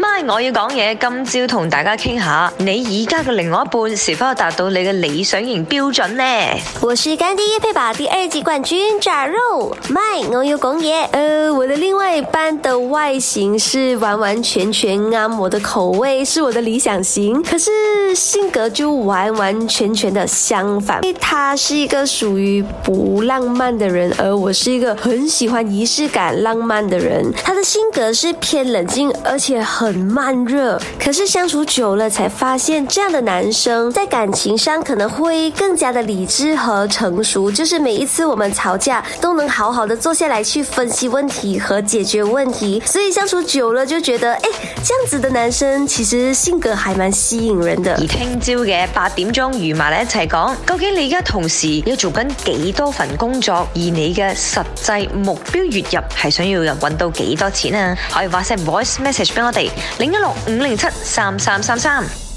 咪，我要講嘢。今朝同大家傾下，你而家嘅另外一半是否達到你嘅理想型標準呢？我是甘地一《乾爹配把第二季冠軍炸肉。咪，我要講嘢。呃，我的另外一半的外形是完完全全啱我的口味，是我的理想型。可是性格就完完全全的相反。因為他是一個屬於不浪漫的人，而我是一個很喜歡儀式感、浪漫的人。他的性格是偏冷靜，而且很很慢熱，可是相處久了才發現，這樣的男生在感情上可能會更加的理智和成熟。就是每一次我們吵架，都能好好的坐下來去分析問題和解決問題。所以相處久了就覺得，哎、欸，這樣子的男生其實性格還蠻吸引人的。而聽朝嘅八點鐘，與埋你一齊講，究竟你而家同時要做緊幾多份工作，而你嘅實際目標月入係想要人搵到幾多錢啊？可以發聲 voice message 俾我哋。零一六五零七三三三三。